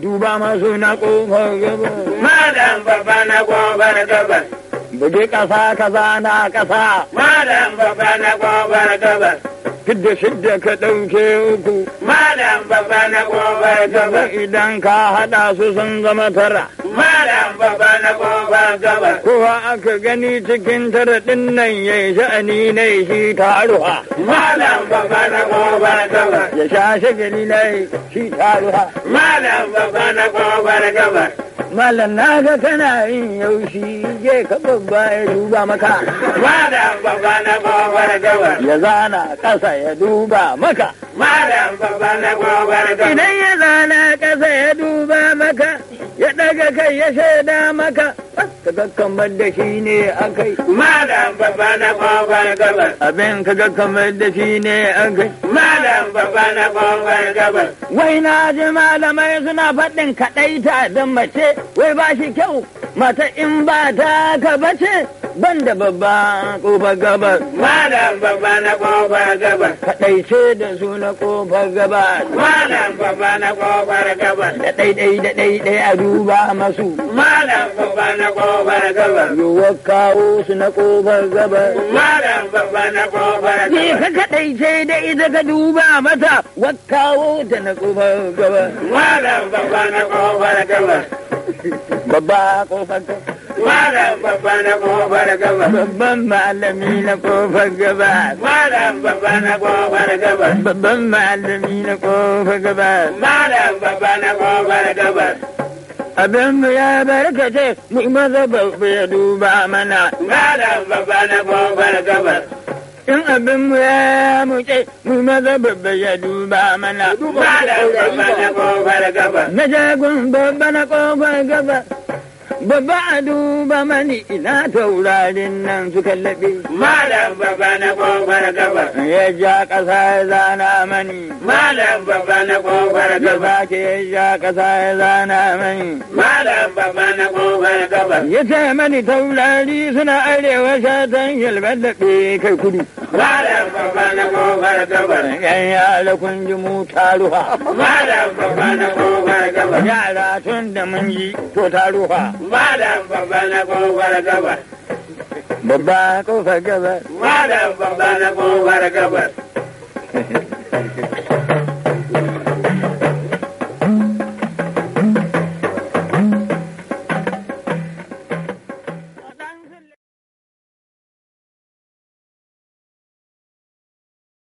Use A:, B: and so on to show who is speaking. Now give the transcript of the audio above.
A: Duba masu na ƙofar gabas. Madan babba na ƙofar gabas. Buge ƙasa kaza na ƙasa. Madan babba na ƙofar gabas. Fidda shidda ka ɗauke uku. Madan babba na ƙofar gabas. Idan ka haɗa su sun zama tara. malam baba na kowa gabar. Kowa aka gani cikin tara nan ya sha'ani na shi taruwa. Malam baba na kowa gaba. Ya sha shagali na shi taruwa. Malam baba na kowa gaba. Malam na ga kana yin yaushi je ka babba ya duba maka. Malam baba na gobar gaba. Ya zana ƙasa ya duba maka. Malam baba na gobar gaba. Idan ya zana ƙasa ya duba maka. ya ɗaga kai ya shaida maka kaga kamar da shi ne akai malam baba na kofar gabar abin kaga kamar da shi ne akai malam baba na kofar gabar wai na ji malamai suna faɗin kaɗai ta da mace wai ba shi kyau mata in ba ta ka bace ban da babba kofar gabar malam babba na kofar gabar ce da su na kofar gabar malam babba na kofar gabar da ɗaiɗai da ɗaiɗai a duba masu malam babba na na kofar gabar. Yiwuwar kawo su na kofar gabar. Malam babba na kofar gabar. Ni ka kaɗai ce da ita ka duba mata wa kawo ta na kofar gabar. Malam babba na kofar gabar. Babba kofar gabar. Malam babba na kofar gaba. Babban malami na kofar gaba. Malam babba na kofar gaba. Babban malami na kofar gaba. Malam babba na kofar gaba. abin ya barkace mu maza ya duba mana malam babba na gobar gabar in abin mu ya muke mu maza babba ya duba mana malam babba na gobar gabar na jagun babba na gobar gabar Babba a duba mani ina taurarin nan suka laɓe. Malam baba na ƙofar gaba. Ya ja ƙasa ya zana mani. Malam baba na ƙofar gaba. Ya ja ƙasa ya zana mani. Malam baba na ƙofar ya ce mani taurari suna arewa shatan yalbar da kai kudu. Malam babba na kofar gabar. Yan yara kun ji mu taruwa. Malam babba na kofar gabar. Yara tun da mun yi to taruwa. Malam babba na kofar gabar. Babba kofar gabar. Malam babba na kofar gabar.